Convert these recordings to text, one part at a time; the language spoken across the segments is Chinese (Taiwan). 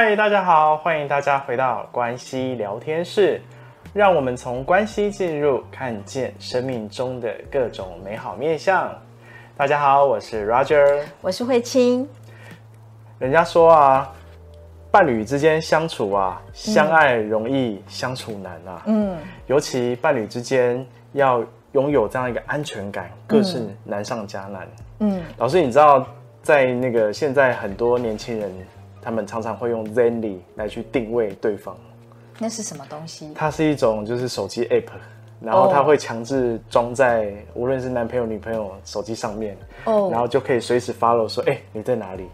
嗨，大家好，歡迎大家回到關係聊天室，讓我們從關係進入，看見生命中的各種美好面向。大家好，我是 Roger，我是慧卿。人家說啊，伴侶之間相處啊，相愛容易，相處難啊。嗯，尤其伴侶之間要擁有這樣一個安全感，更、嗯、是難上加難。嗯，老師，你知道，在那個現在很多年輕人。他們常常會用 Zenly 來去定位對方，那是什麼東西？它是一種就是手機 app，然後它會強制裝在無論是男朋友、女朋友手機上面，oh. 然後就可以隨時 follow 說，哎、欸，你在哪裡？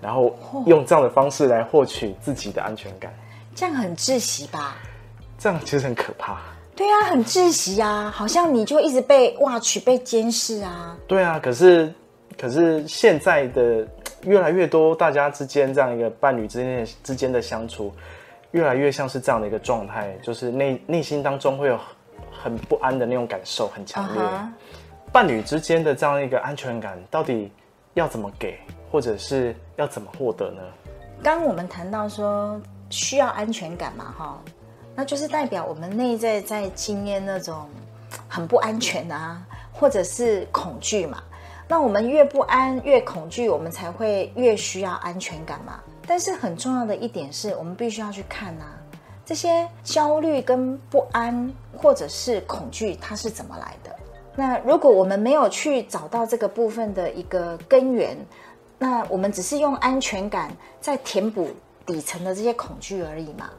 然後用這樣的方式來獲取自己的安全感。這樣很窒息吧？這樣其實很可怕。對啊，很窒息啊，好像你就一直被挖取、被監視啊。對啊，可是可是現在的。越來越多，大家之間這樣一個伴侶之間之間的相處，越來越像是這樣的一個狀態，就是內內心當中會有很不安的那種感受，很強烈。Uh-huh. 伴侶之間的這樣一個安全感，到底要怎麼給，或者是要怎麼獲得呢？剛我們談到說需要安全感嘛，哈，那就是代表我們內在在經驗那種很不安全啊，或者是恐懼嘛。那我們越不安越恐懼，我們才會越需要安全感嘛。但是很重要的一點是，我們必須要去看吶，這些焦慮跟不安或者是恐懼，它是怎麼來的。那如果我們沒有去找到這個部分的一個根源，那我們只是用安全感在填補底層的這些恐懼而已嘛。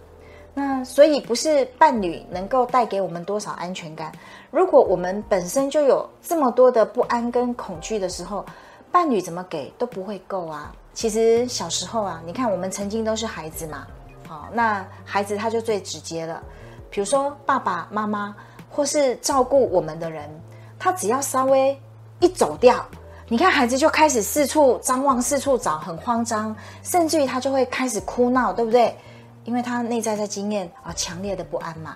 那所以不是伴侶能夠帶給我們多少安全感。如果我們本身就有這麼多的不安跟恐懼的時候，伴侶怎麼給都不會夠啊。其實小時候啊，你看我們曾經都是孩子嘛，好，那孩子他就最直接了。比如說爸爸媽媽或是照顧我們的人，他只要稍微一走掉，你看孩子就開始四處張望、四處找，很慌張，甚至於他就會開始哭鬧，對不對？因為他內在在經驗啊、哦、強烈的不安嘛，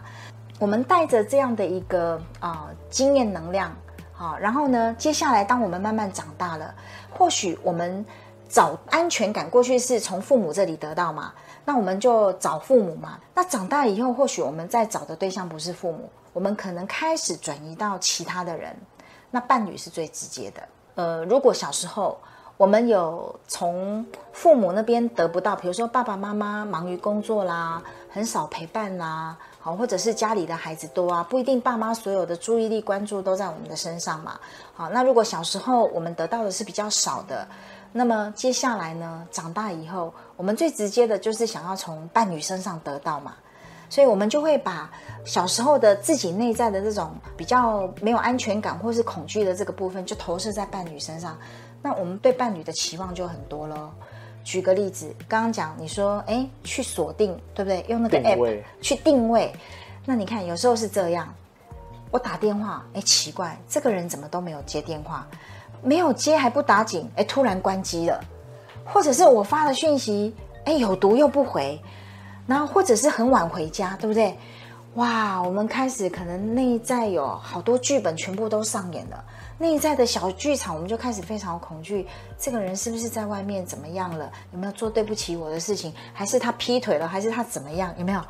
我們帶着這樣的一個啊、呃、經驗能量，好、哦，然後呢，接下來當我們慢慢長大了，或許我們找安全感，過去是從父母這裡得到嘛，那我們就找父母嘛。那長大以後，或許我們在找的對象不是父母，我們可能開始轉移到其他的人，那伴侶是最直接的。呃，如果小時候。我們有從父母那邊得不到，比如說爸爸媽媽忙於工作啦，很少陪伴啦，好，或者是家裡的孩子多啊，不一定爸媽所有的注意力關注都在我們的身上嘛。好，那如果小時候我們得到的是比較少的，那麼接下來呢，長大以後，我們最直接的就是想要從伴侶身上得到嘛，所以我們就會把小時候的自己內在的這種比較沒有安全感或是恐懼的這個部分，就投射在伴侶身上。那我們對伴侶的期望就很多咯。舉個例子，剛剛講你說，哎，去鎖定，對不對？用那個 app 去定位，定位。那你看，有時候是這樣，我打電話，哎，奇怪，這個人怎麼都沒有接電話？沒有接還不打緊，哎，突然關機了。或者是我發了訊息，哎，有毒又不回。然後或者是很晚回家，對不對？哇，我們開始可能內在有好多劇本全部都上演了。內在的小劇場，我們就開始非常恐懼，這個人是不是在外面怎麼樣了？有沒有做對不起我的事情？還是他劈腿了？還是他怎麼樣？有沒有？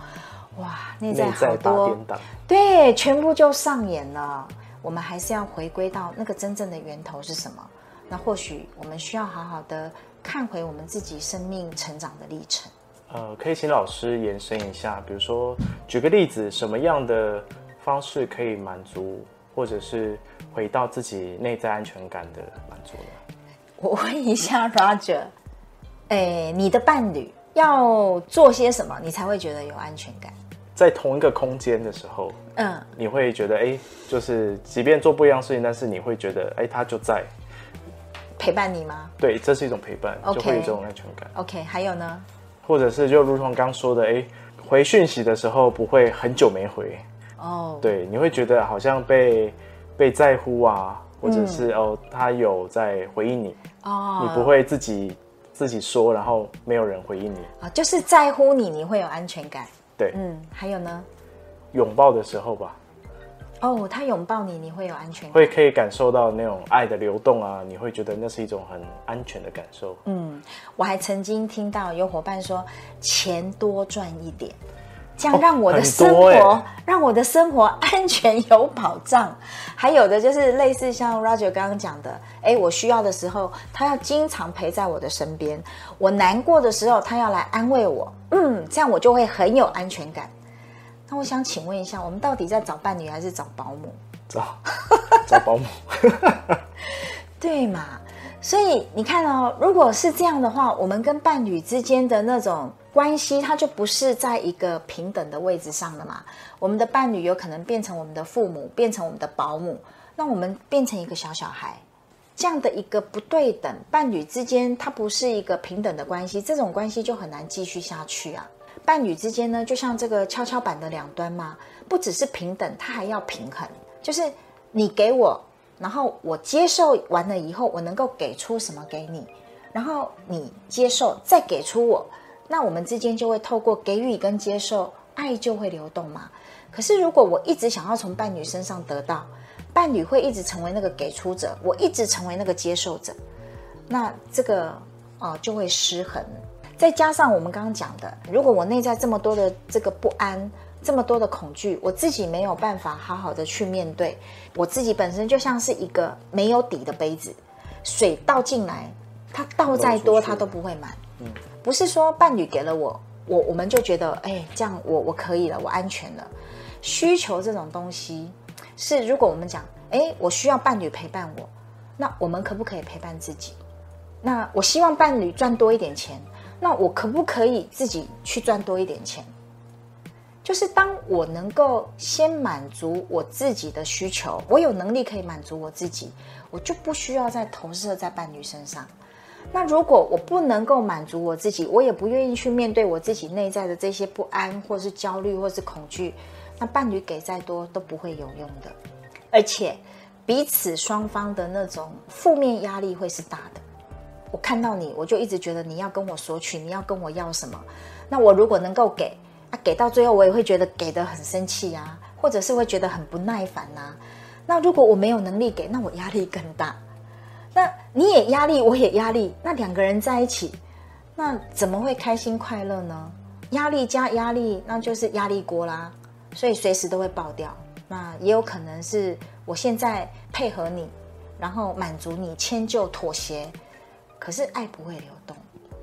哇，內在好多在大，對，全部就上演了。我們還是要回歸到那個真正的源頭是什麼？那或許我們需要好好的看回我們自己生命成長的歷程。呃，可以請老師延伸一下，比如說舉個例子，什麼樣的方式可以滿足？或者是回到自己內在安全感的滿足了。我問一下 Roger，哎，你的伴侶要做些什麼，你才會覺得有安全感？在同一個空間的時候，嗯，你會覺得哎，就是即便做不一樣事情，但是你會覺得哎，他就在陪伴你嗎？對，這是一種陪伴，就會有這種安全感。Okay. OK，還有呢？或者是就如同剛說的，哎，回訊息的時候不會很久沒回。哦、oh，對，你會覺得好像被被在乎啊，或者是、嗯、哦，他有在回應你，oh. 你不會自己自己說，然後沒有人回應你啊，就是在乎你，你會有安全感。對，嗯，還有呢？擁抱的時候吧，哦、oh，他擁抱你，你會有安全感，會可以感受到那種愛的流動啊，你會覺得那是一種很安全的感受。嗯，我還曾經聽到有夥伴說，錢多賺一點。這樣讓我的生活，欸，讓我的生活安全有保障。還有的就是類似像 Roger 剛剛講的，哎，我需要的時候，他要經常陪在我的身邊；我難過的時候，他要來安慰我。嗯，這樣我就會很有安全感。那我想請問一下，我們到底在找伴侶還是找保姆？找找保姆， 對嘛？所以你看哦，如果是這樣的話，我們跟伴侶之間的那種。關係它就不是在一個平等的位置上了嘛？我們的伴侶有可能變成我們的父母，變成我們的保姆，讓我們變成一個小小孩，這樣的一個不對等，伴侶之間它不是一個平等的關係，這種關係就很難繼續下去啊。伴侶之間呢，就像這個蹺蹺板的兩端嘛，不只是平等，它還要平衡，就是你給我，然後我接受完了以後，我能夠給出什麼給你，然後你接受再給出我。那我們之間就會透過給予跟接受，愛就會流動嘛。可是如果我一直想要從伴侶身上得到，伴侶會一直成為那個給出者，我一直成為那個接受者，那這個啊、呃、就會失衡。再加上我們剛剛講的，如果我內在這麼多的這個不安，這麼多的恐懼，我自己沒有辦法好好的去面對，我自己本身就像是一個沒有底的杯子，水倒進來，它倒再多它都不會滿。嗯。不是說伴侶給了我，我我們就覺得，哎，這樣我我可以了，我安全了。需求這種東西，是如果我們講，哎，我需要伴侶陪伴我，那我們可不可以陪伴自己？那我希望伴侶賺多一點錢，那我可不可以自己去賺多一點錢？就是當我能夠先滿足我自己的需求，我有能力可以滿足我自己，我就不需要再投射在伴侶身上。那如果我不能夠滿足我自己，我也不願意去面對我自己內在的這些不安，或是焦慮，或是恐懼，那伴侶給再多都不會有用的，而且彼此雙方的那種負面壓力會是大的。我看到你，我就一直覺得你要跟我索取，你要跟我要什麼？那我如果能夠給，啊，給到最後我也會覺得給得很生氣啊，或者是會覺得很不耐煩吶、啊。那如果我沒有能力給，那我壓力更大。你也壓力，我也壓力，那兩個人在一起，那怎麼會開心快樂呢？壓力加壓力，那就是壓力鍋啦，所以隨時都會爆掉。那也有可能是我現在配合你，然後滿足你，遷就妥協，可是愛不會流動。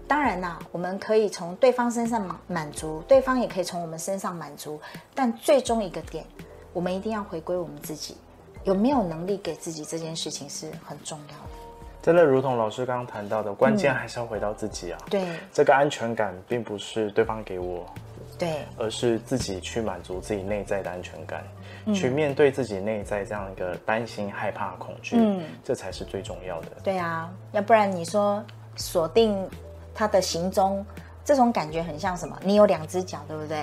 當然啦，我們可以從對方身上滿足，對方也可以從我們身上滿足，但最終一個點，我們一定要回歸我們自己，有沒有能力給自己這件事情是很重要的。真的如同老師剛剛談到的，關鍵還是要回到自己啊、嗯。對，這個安全感並不是對方給我，對，而是自己去滿足自己內在的安全感，嗯、去面對自己內在這樣一個擔心、害怕、恐懼，嗯，這才是最重要的。對啊，要不然你說鎖定他的行蹤，這種感覺很像什麼？你有兩隻腳，對不對？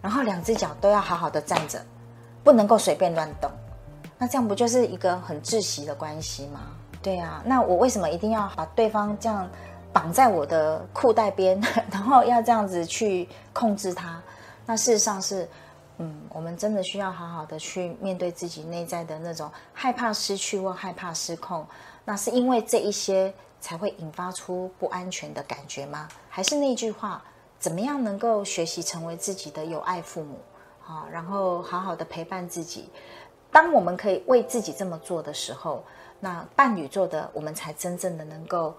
然後兩隻腳都要好好的站着，不能夠隨便亂動，那這樣不就是一個很窒息的關係嗎？對啊，那我為什麼一定要把對方這樣綁在我的褲帶邊，然後要這樣子去控制他？那事實上是，嗯，我們真的需要好好的去面對自己內在的那種害怕失去或害怕失控。那是因為這一些才會引發出不安全的感覺嗎？還是那句話，怎麼樣能夠學習成為自己的有愛父母啊？然後好好的陪伴自己。當我們可以為自己這麼做的時候，那伴侶做的我們才真正的能夠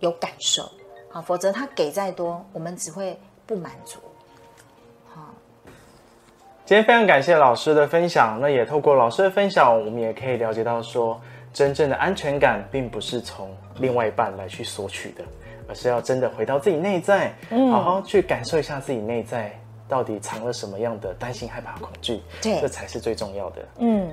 有感受，好，否則他給再多，我們只會不滿足。好，今天非常感謝老師的分享，那也透過老師的分享，我們也可以了解到說，真正的安全感並不是從另外一半來去索取的，而是要真的回到自己內在，嗯，好好去感受一下自己內在。到底藏了什麼樣的擔心、害怕、恐懼？對，這才是最重要的。嗯，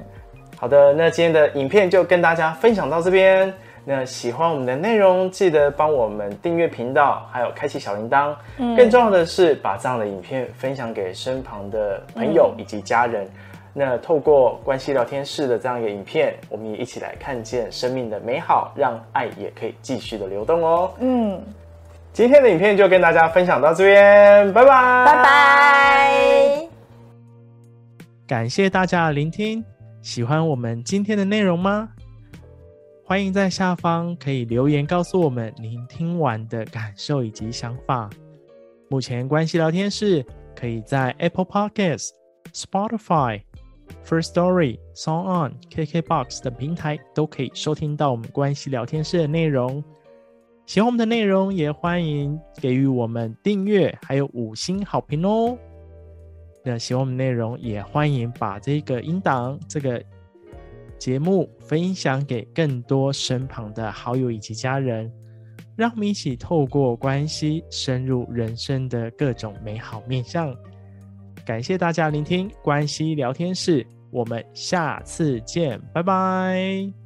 好的，那今天的影片就跟大家分享到這邊。那喜歡我們的內容，記得幫我們訂閱頻道，還有開啟小鈴鐺。嗯，更重要的是把這樣的影片分享給身旁的朋友以及家人。嗯，那透過關係聊天室的這樣一個影片，我們也一起來看見生命的美好，讓愛也可以繼續的流動哦。嗯。今天的影片就跟大家分享到這邊，拜拜，拜拜。感謝大家的聆聽，喜歡我們今天的內容嗎？歡迎在下方可以留言告訴我們您聽完的感受以及想法。目前關係聊天室可以在 Apple Podcasts、Spotify、Firstory、Song On、KK Box 等平台都可以收聽到我們關係聊天室的內容。喜歡我們的內容，也歡迎給予我們訂閱，還有五星好評哦。那喜歡我們的內容，也歡迎把這個音檔、這個節目分享給更多身旁的好友以及家人，讓我們一起透過關係深入人生的各種美好面向。感謝大家聆聽《關係聊天室》，我們下次見，拜拜。